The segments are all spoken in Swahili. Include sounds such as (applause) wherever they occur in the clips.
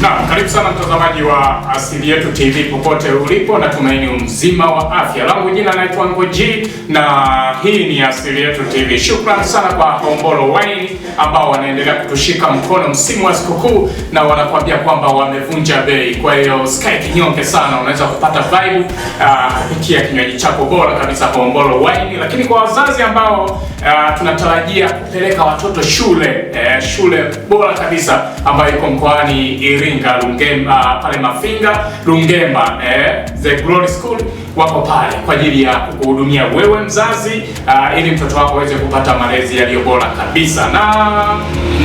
Na karibu sana mtazamaji wa Asili Yetu TV popote ulipo, na tumaini mzima wa afya. Langu jina naitwa Ngoji na hii ni Asili Yetu TV. Shukrani sana kwa Hombolo Wine ambao wanaendelea kutushika mkono msimu wa sikukuu na wanakuambia kwamba wamevunja bei. Kwa hiyo Sky kinyonge sana, unaweza kupata vibe ah, kupitia kinywaji chako bora kabisa Hombolo Wine, lakini kwa wazazi ambao Uh, tunatarajia kupeleka watoto shule eh, shule bora kabisa ambayo iko mkoani Iringa Lungemba, uh, pale Mafinga Lungemba eh, The Glory School wako pale kwa ajili ya kuhudumia wewe mzazi, uh, ili mtoto wako aweze kupata malezi yaliyo bora kabisa. Na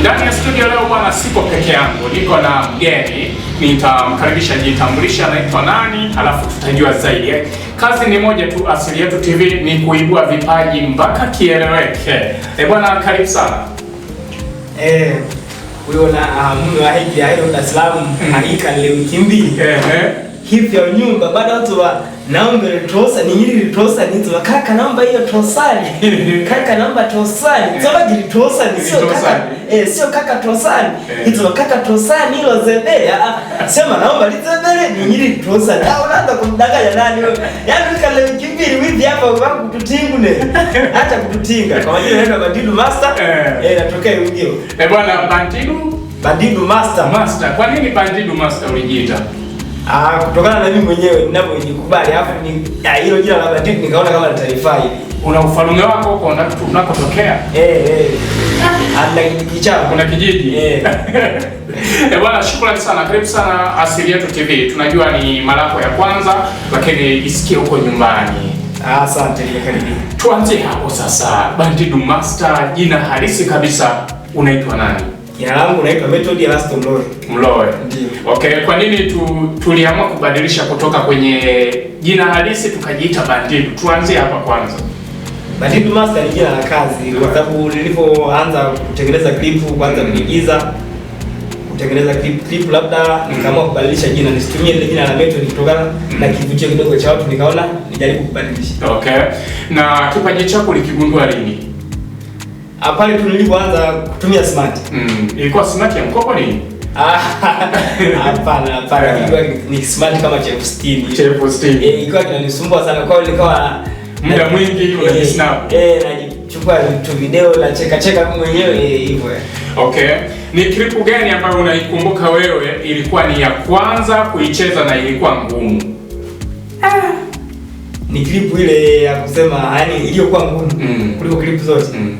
ndani ya studio leo bwana, siko peke yangu, niko na mgeni. Nitamkaribisha jitambulisha, anaitwa nani, alafu tutajua zaidi. Eh, kazi ni moja tu, Asili Yetu TV ni kuibua vipaji mpaka kieleweke. E bwana, karibu sana eh. Huyo na mume ah, wa hiki ya Dar es Salaam hakika Hivi ya nyumba baada watu wa namba trosa ni hili trosa ni zwa kaka namba hiyo tosani (laughs) kaka namba tosani zwa hili eh. ni sio kaka eh sio kaka tosani hizo eh. kaka tosani hilo zebe ah, sema namba naomba zebe ni hili tosani au ah, unaanza kumdanganya nani wewe yani kale kipili hivi hapa wangu kututingu ne (laughs) hata kututinga kwa majina naitwa Bandidu Master eh, eh natokea ujio eh bwana Bandidu Bandidu Master Master kwa nini Bandidu Master ulijiita Ah, kutokana na mimi mwenyewe ninavyojikubali, alafu hilo jina la Batiki nikaona kama litaifai. Una ufalme wako huko na unakotokea? Eh, hey, hey. eh. Ana kijiji Kuna kijiji. Eh. Hey. (laughs) Eh, bwana shukrani sana. Karibu sana Asili Yetu TV. Tunajua ni mara yako ya kwanza lakini isikie huko nyumbani. Asante, ah, nimekaribiwa. Tuanze hapo sasa. Bandidu Master, jina halisi kabisa unaitwa nani? Jina langu naitwa Method Erasto Mloe. Mlowe. Ndiyo. Okay, kwa nini tu, tuliamua kubadilisha kutoka kwenye jina halisi tukajiita Bandidu? Tuanzie hapa kwanza. Bandidu Master ni jina la kazi kwa sababu nilipoanza kutengeneza klipu kwanza kuigiza kutengeneza clip clip, labda mm. nikaamua kubadilisha jina nisitumie ile jina la Method kutokana mm. na kivutio kidogo cha watu, nikaona nijaribu kubadilisha. Okay. Na kipaji chako ulikigundua lini? Ah, pale tulilipoanza kutumia smart mm. ilikuwa smart ya mkopo ni ah, (laughs) hapana hapana, (laughs) ilikuwa ni smart kama chef sitini Chef sitini eh, ilikuwa inanisumbua sana kwa hiyo nikawa muda mwingi unajisnap eh, eh, najichukua tu video na cheka cheka mwenyewe eh, hivyo. Okay, ni clip gani ambayo unaikumbuka wewe ilikuwa ni ya kwanza kuicheza na ilikuwa ngumu? Ah, ni clip ile ya kusema, yaani iliyokuwa ngumu mm. kuliko clip zote mm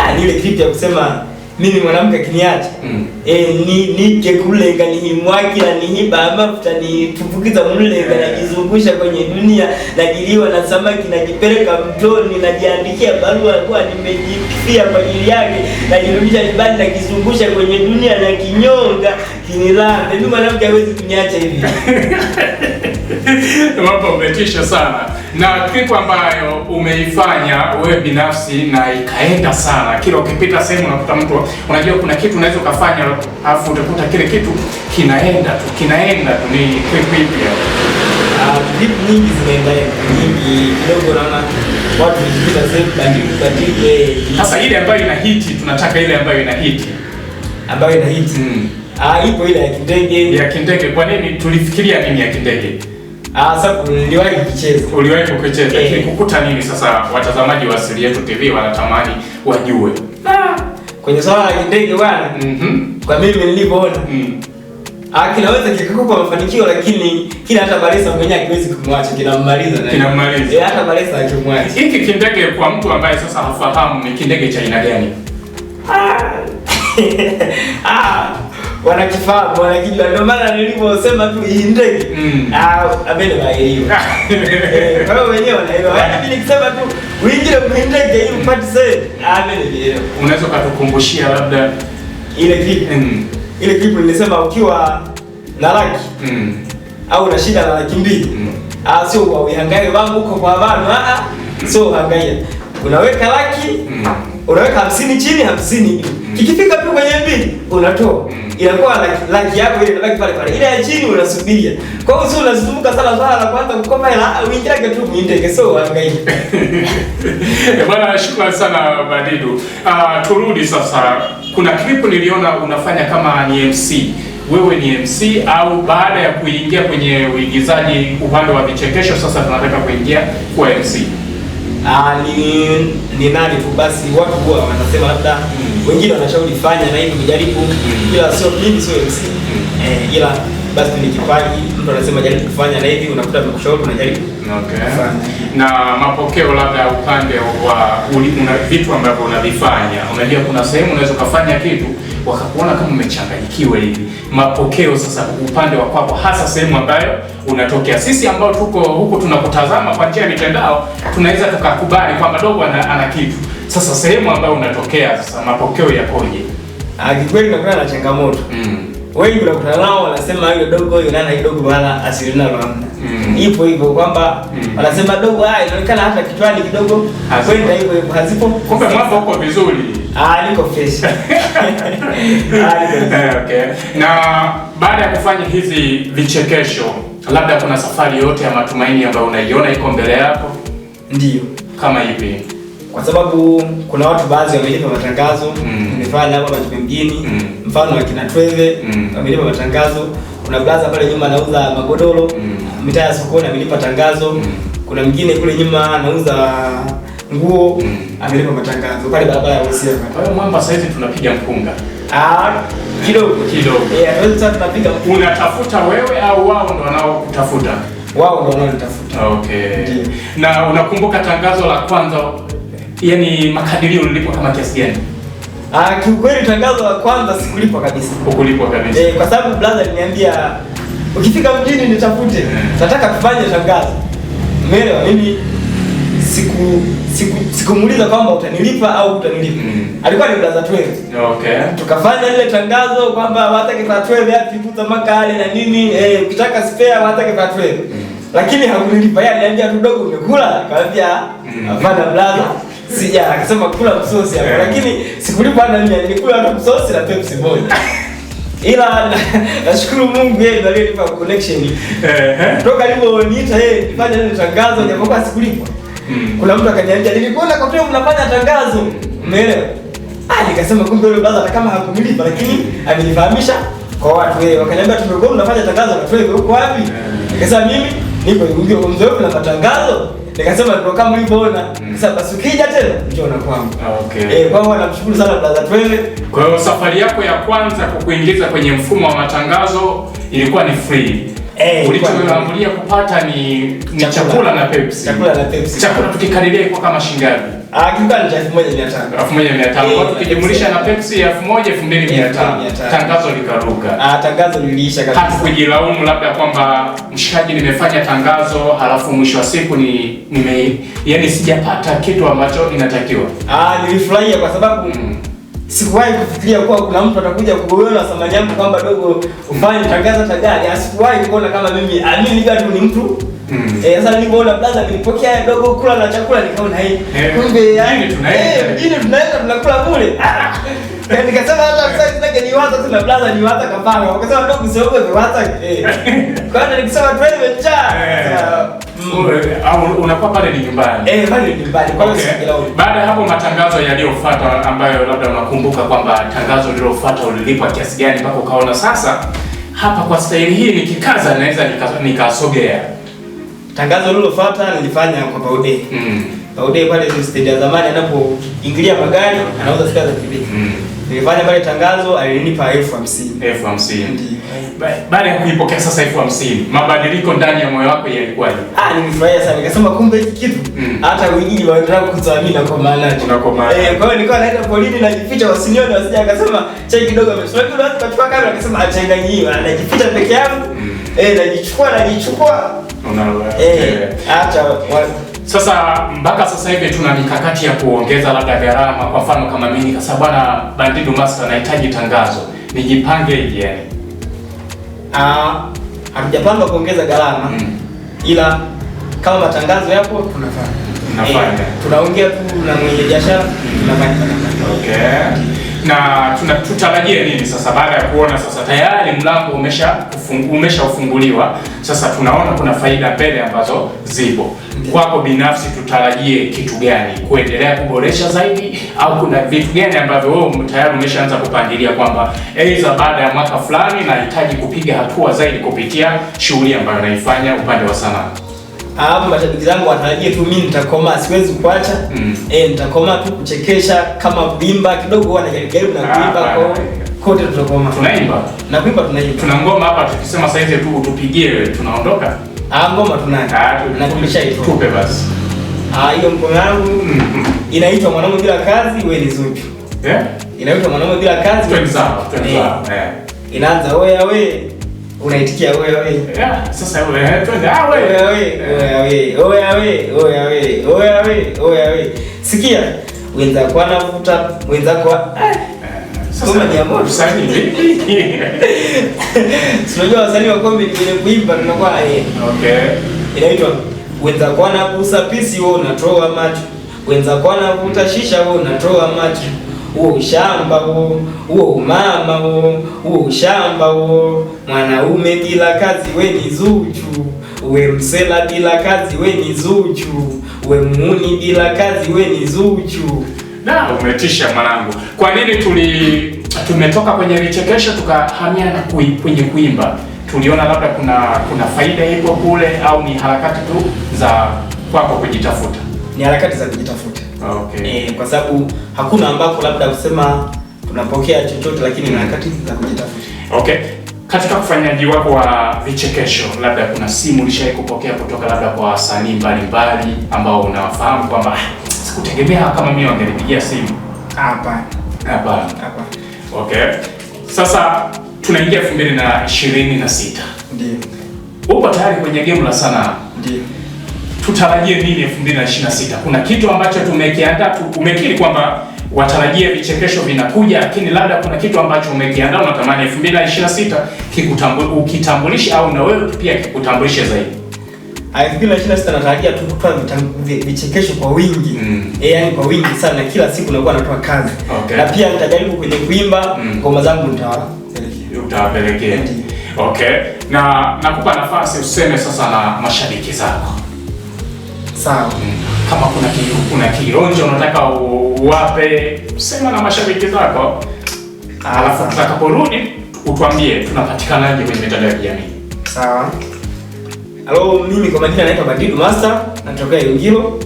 ah, ile clip ya kusema mimi mwanamke akiniacha mm. eh ni nike kulenga ni mwaki na ni baba tutanitumbukiza mlenga yeah. kizungusha kwenye dunia najiliwa na samaki najipeleka mtoni najiandikia barua kwa nimejifia kwa ajili yake najirudisha na kizungusha kwenye dunia na kinyonga kinilambe mimi mwanamke hawezi kuniacha hivi (laughs) mambo umetisha sana, na kitu ambayo umeifanya wewe binafsi na ikaenda sana, kila ukipita sehemu unakuta mtu, unajua kuna kitu unaweza ukafanya, alafu utakuta kile kitu kinaenda tu kinaenda tu. Ni clip ipi? Ah, nyingi zinaenda nyingi kidogo, naona watu wajipita sehemu kadiri. Sasa ile ambayo ina hit, tunataka ile ambayo ina hit, ambayo ina hit. Mm. Ah, ipo ile ya kindege, ya kindege. Kwa nini tulifikiria nini ya kindege? Ah, sasa niliwahi kucheza. Uliwahi kucheza. Lakini eh, kukuta nini sasa watazamaji wa Asili Yetu TV wanatamani wajue. kwenye swala la ndege bwana. Mhm. kwa mimi nilipoona. Mm. Ah, kinaweza kikakupa mafanikio lakini kila hata Balesa mwenyewe hakiwezi kumwacha, kinammaliza na kinammaliza. Eh, hata Balesa hakimwacha. Hiki kindege kwa mtu ambaye sasa hafahamu ni kindege cha aina gani? Ah. (laughs) ah wanakifahamu wanakijua, ndio maana niliposema tu hii ndege mm. ah, abele maeliwa. (laughs) Eh, kwa hiyo wenyewe wanaelewa, yaani mimi nikisema tu uingile mwindege ili upate sehemu abele vielewa. Ah, Unaweza ukatukumbushia labda ile clip mm. ile clip nilisema ukiwa na laki mm. au na shida la laki mbili mm. ah, sio uhangaike wangu huko kwa bano ah, ah. Mm. sio uhangaike, unaweka laki mm. unaweka hamsini chini hamsini Kikifika mm. tu kwenye mbili unatoa. Mm. Inakuwa laki yako ile inabaki pale pale. Ile ya chini unasubiria. Kwa hiyo sio unazunguka sana sana na kwanza kukopa ila uingiage tu kuinteke so angaika. (laughs) Eh, Bwana shukrani sana Badidu. Ah, uh, turudi sasa. Kuna clip niliona unafanya kama ni MC. Wewe ni MC au baada ya kuingia kwenye uigizaji upande wa vichekesho sasa tunataka kuingia kwa MC? Ah, ni ni nani tu basi watu huwa wanasema labda wengine wanashauri fanya na hivi kujaribu, ila sio mimi, sio MC eh, ila basi ni kipaji. Mtu anasema jaribu kufanya na hivi, unakuta amekushauri, unajaribu. Okay. Na mapokeo labda upande wa una vitu ambavyo unavifanya, unajua kuna sehemu unaweza kufanya kitu wakakuona kama umechanganyikiwa hivi. Mapokeo sasa upande wa kwako, hasa sehemu ambayo unatokea, sisi ambao tuko huko tunakutazama kwa njia ya mitandao tunaweza tukakubali kwamba dogo ana, ana kitu sasa sehemu ambayo unatokea sasa, mapokeo yakoje? Ah, kikweli nakutana na changamoto mm. Wengi unakutana nao wanasema yule dogo yule ana kidogo maana asili nalo hamna mm. Ipo hivyo kwamba mm. Wanasema dogo haya ah, inaonekana hata kichwani kidogo kwenda hivyo hivyo hazipo, kumbe mambo uko vizuri. Ah, niko fresh (laughs) ah niko (laughs) okay. Na baada ya kufanya hizi vichekesho, labda kuna safari yote ya matumaini ambayo unaiona iko mbele yako, ndio kama hivi kwa sababu kuna watu baadhi wamelipa matangazo mifano hapa hapa mm. mfano akina Tweve mm. wamelipa matangazo. Kuna blaza pale nyuma anauza magodoro mm. mitaa ya sokoni amelipa tangazo. mm. Kuna mwingine kule nyuma anauza nguo mm. amelipa matangazo pale barabara ya Usia. Kwa hiyo Mwamba sasa hivi tunapiga mpunga ah, kidogo kidogo, eh, yeah, tunaweza tunapiga. Unatafuta wewe au wao ndio wanaokutafuta? Wao ndio wanaonitafuta. Okay, na unakumbuka tangazo la kwanza yani makadirio ulilipwa kama kiasi gani? Ah, kiukweli tangazo la kwanza sikulipwa kabisa. Ukulipwa kabisa. Eh, kwa sababu brother aliniambia ukifika mjini nitafute. Nataka kufanya tangazo. Umeelewa? Mimi siku siku sikumuuliza kwamba utanilipa au utanilipa. Mm. Alikuwa ni brother tu. Okay. Tukafanya ile tangazo kwamba watake kwa Twelve hapi yaani mtu makali na nini, eh ukitaka spare watake kwa Twelve. Mm. Lakini hakunilipa. Yeye aliniambia tu dogo umekula, nikamwambia mm. hapana brother sija akasema kula msosi hapo, eh. lakini sikulipa hata mia, nilikula hata msosi na Pepsi moja ila nashukuru Mungu yeye ndiye alinipa connection toka aliponiita yeye nifanye nini tangazo, japokuwa sikulipwa. Mm. Kuna mtu akaniambia nilikuona kwa kweli mnafanya tangazo, umeelewa? Ah, nikasema kumbe yule baba hata kama hakumlipa lakini amenifahamisha kwa watu yeye, wakaniambia tumekuwa mnafanya tangazo na tuwe huko wapi? Eh. Nikasema mimi niko ndio mzee wangu na matangazo Nikasema ndio kama ulivyoona. Mm. Sasa basi ukija tena njoo na kwangu. Ah, okay. Eh, kwangu namshukuru sana brother Twende. Kwa hiyo safari yako ya kwanza kwa kuingiza kwenye mfumo wa matangazo ilikuwa ni free. Eh, ulichoamulia kupata ni, ni chakula, chakula na Pepsi. Chakula na Pepsi. Chakula tukikadiria iko kama shingapi? Ah, eh, Ukijumlisha na ah, labda kwamba mshikaji, nimefanya tangazo halafu mwisho wa siku ni nime yani sijapata kitu ambacho inatakiwa. Ah, nilifurahia kwa sababu mm. Sikuwahi kufikiria kuwa kuna mtu atakuja kugowewa samani yangu kwamba dogo, ufanye tangazo tagari. Asikuwahi kuona kama mimi amini ni mtu Hmm. Eh, sasa nilipoona plaza nilipokea dogo kula na chakula nikaona hii. Eh. Kumbe yani tunaenda. Eh, tunaenda tunakula kule. Yaani (laughs) eh, nikasema hata sasa tunake ni wata tuna plaza ni wata kapanga. Wakasema dogo usiogope wata. Eh. (laughs) Kwa nini nikisema twende njaa? Eh. Mm. Au unakuwa pale ni nyumbani. Eh, pale ni nyumbani. Kwa hiyo baada hapo matangazo yaliyofuata ambayo labda unakumbuka kwamba tangazo lililofuata ulilipa kiasi gani mpaka ukaona sasa hapa kwa staili hii nikikaza naweza nikasogea. Nika tangazo lilofuata nilifanya kwa Baude. Mm. Baude pale ni stendi ya zamani anapoingilia magari anauza stika za kibiki. Mm. Nilifanya pale tangazo alinipa elfu hamsini. Elfu hamsini. Baada ya kuipokea sasa elfu hamsini, mabadiliko ndani ya moyo wako yalikuwaje? Ah, nilifurahia sana. Nikasema kumbe hiki kitu hmm. hata mm. wengine wanataka kudhamini na kwa maana tunakomaa. Eh, kwa hiyo nilikuwa naenda polini najificha wasinione wasije akasema chai kidogo amesema. Unaweza kuchukua kamera akasema achanganyiwa ah, anajificha ah, peke yangu. Mm. Eh, najichukua najichukua Eh, eh. sasa mpaka sasa hivi tuna mikakati ya kuongeza labda gharama. Kwa mfano kama mimi sasa, bwana Bandidu Master, nahitaji tangazo, nijipangeje? Yani ah, hatujapanga kuongeza gharama mm, ila kama matangazo yapo tunafanya tunafanya, eh, tunaongea tu na mwenye biashara hmm. tunafanya. Okay na tutarajie nini sasa baada ya kuona sasa tayari mlango umesha umeshafunguliwa, sasa tunaona kuna faida mbele ambazo zipo kwako binafsi, tutarajie kitu gani kuendelea kuboresha zaidi, au kuna vitu gani ambavyo wewe tayari umeshaanza kupangilia kwamba aidha baada ya mwaka fulani nahitaji kupiga hatua zaidi kupitia shughuli ambayo naifanya upande wa sanaa? alafu mashabiki zangu watarajie tu mimi nitakoma, siwezi kuacha mm. Eh, nitakoma tu kuchekesha kama bimba kidogo, wanajaribu na ah, kuimba ah, kwa ah. kote tutakoma. Tunaimba na kuimba, tunaimba tuna ngoma hapa, tukisema saizi tu tupigie, tunaondoka. Ah, ngoma tunayo ah, na kumesha tumesha itupe basi. Ah, hiyo ngoma yangu mm-hmm. inaitwa mwanaume bila kazi wewe ni zupi Eh? Yeah? Inaitwa mwanaume bila kazi sawa, ni eh. sawa. eh, Inaanza wewe wewe unaitikia wewe. Sasa wewe twende, ah wewe wewe wewe wewe eh. wewe wewe. Sikia wenzako anavuta wenzako eh. eh. (laughs) (laughs) Unajua wasanii wa comedy kwenye kuimba tunakuwa eh. Okay. Inaitwa wenzako anagusa pisi wewe unatoa macho. Wenzako anavuta shisha wewe unatoa macho uo ushamba huo, uwo umama huo, uo ushamba huo. Mwanaume bila kazi we ni zuchu, uwe msela bila kazi we ni zuchu, uwe muuni bila kazi we ni zuchu. Na umetisha mwanangu, kwa nini tuli tumetoka kwenye vichekesho tukahamia na kwenye kuimba? Tuliona labda kuna kuna faida ipo kule, au ni harakati tu za kwako kujitafuta? Ni harakati za kujitafuta. Ah, okay. E, kwa sababu hakuna ambapo labda kusema tunapokea chochote, lakini na za kujitafuta. Okay, katika ufanyaji wako wa vichekesho, labda kuna simu ulishawahi kupokea kutoka labda kwa wasanii mbalimbali ambao unawafahamu kwamba ah, sikutegemea kama mimi wangenipigia simu? Hapana, hapana, hapana. Okay, sasa tunaingia elfu mbili na Upo tayari kwenye game la sanaa? Ndio tutarajie nini 2026? Kuna kitu ambacho tumekiandaa? Umekiri kwamba watarajie vichekesho vinakuja, lakini labda kuna kitu ambacho umekiandaa unatamani 2026 ukitambulisha au na wewe pia kikutambulishe zaidi? 2026 ah, natarajia tu kutoa vichekesho kwa wingi mm. E, kwa wingi sana, na kila siku nakuwa natoa kazi okay. Na pia nitajaribu kwenye kuimba mm. ngoma mm. zangu nitawapelekea. Okay, na nakupa nafasi useme sasa na mashabiki zako sawa. Kama kuna kitu, kuna kionjo unataka uwape, sema na mashabiki zako, alafu tutakaporudi utwambie tunapatikanaje kwenye mitandao ya kijamii sawa. Halo, mimi kwa majina naitwa Bandidu Master, natokea Ilugiro,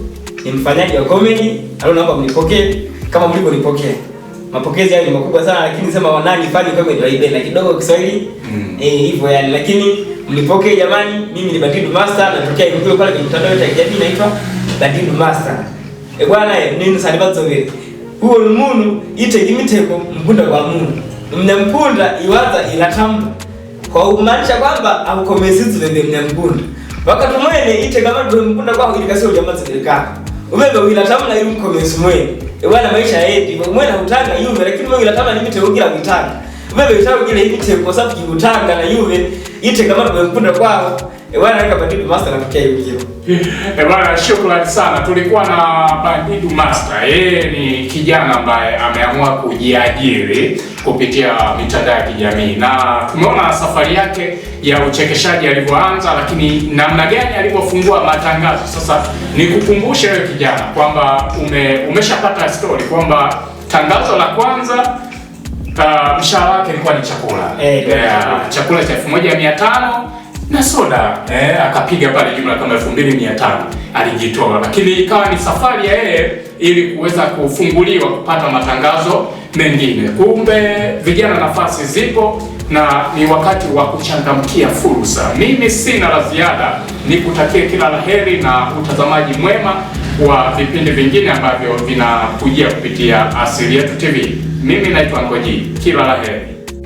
ni mfanyaji wa comedy. Halo, naomba mnipokee kama nipokee. Mapokezi hayo ni makubwa sana, lakini sema wanani fani comedy waibenda kidogo Kiswahili mm. Eh, hivyo yani, lakini mnipokee jamani, mimi ni Badidu Master na tukia hivi kule pale kwenye mtandao wa kijamii naitwa Badidu Master. Eh, bwana eh, nini salibazo wewe. Huo ni munu ite imiteko mpunda kwa munu. Mnyampunda iwaza inatamba. Kwa kumaanisha kwamba aukomesizi vende mnyampunda. Wakati mwene ite kama ndio mpunda kwa ili kasio jamaa zilika. Umebe wila tamla ili mkomesi mwene. Eh, bwana maisha yetu. Mwene hutanga yume lakini mwene ilatamba ni mite ukila kutanga. Kumbe Militao gile ite kwa sababu kikutanga na Juve ite kama tumekunda kwao. E eh, bwana weka Bandidu Master na tukia hiyo. E bwana shukrani sana. Tulikuwa na Bandidu Master. Yeye ni kijana ambaye ameamua kujiajiri kupitia mitandao ya kijamii. Na tumeona safari yake ya uchekeshaji alivyoanza, lakini namna gani alivyofungua matangazo. Sasa nikukumbushe wewe kijana kwamba ume, umeshapata story kwamba tangazo la kwanza uh, mshahara wake ilikuwa ni chakula eh, yeah, chakula cha elfu moja mia tano na soda eh, akapiga pale jumla kama elfu mbili mia tano alijitoa, lakini ikawa ni safari ya yeye ili kuweza kufunguliwa kupata matangazo mengine. Kumbe vijana, nafasi zipo na ni wakati wa kuchangamkia fursa. Mimi sina la ziada, nikutakie kila la heri na utazamaji mwema wa vipindi vingine ambavyo vinakujia kupitia Asili Yetu TV. mimi naitwa Ngoji Kiralahe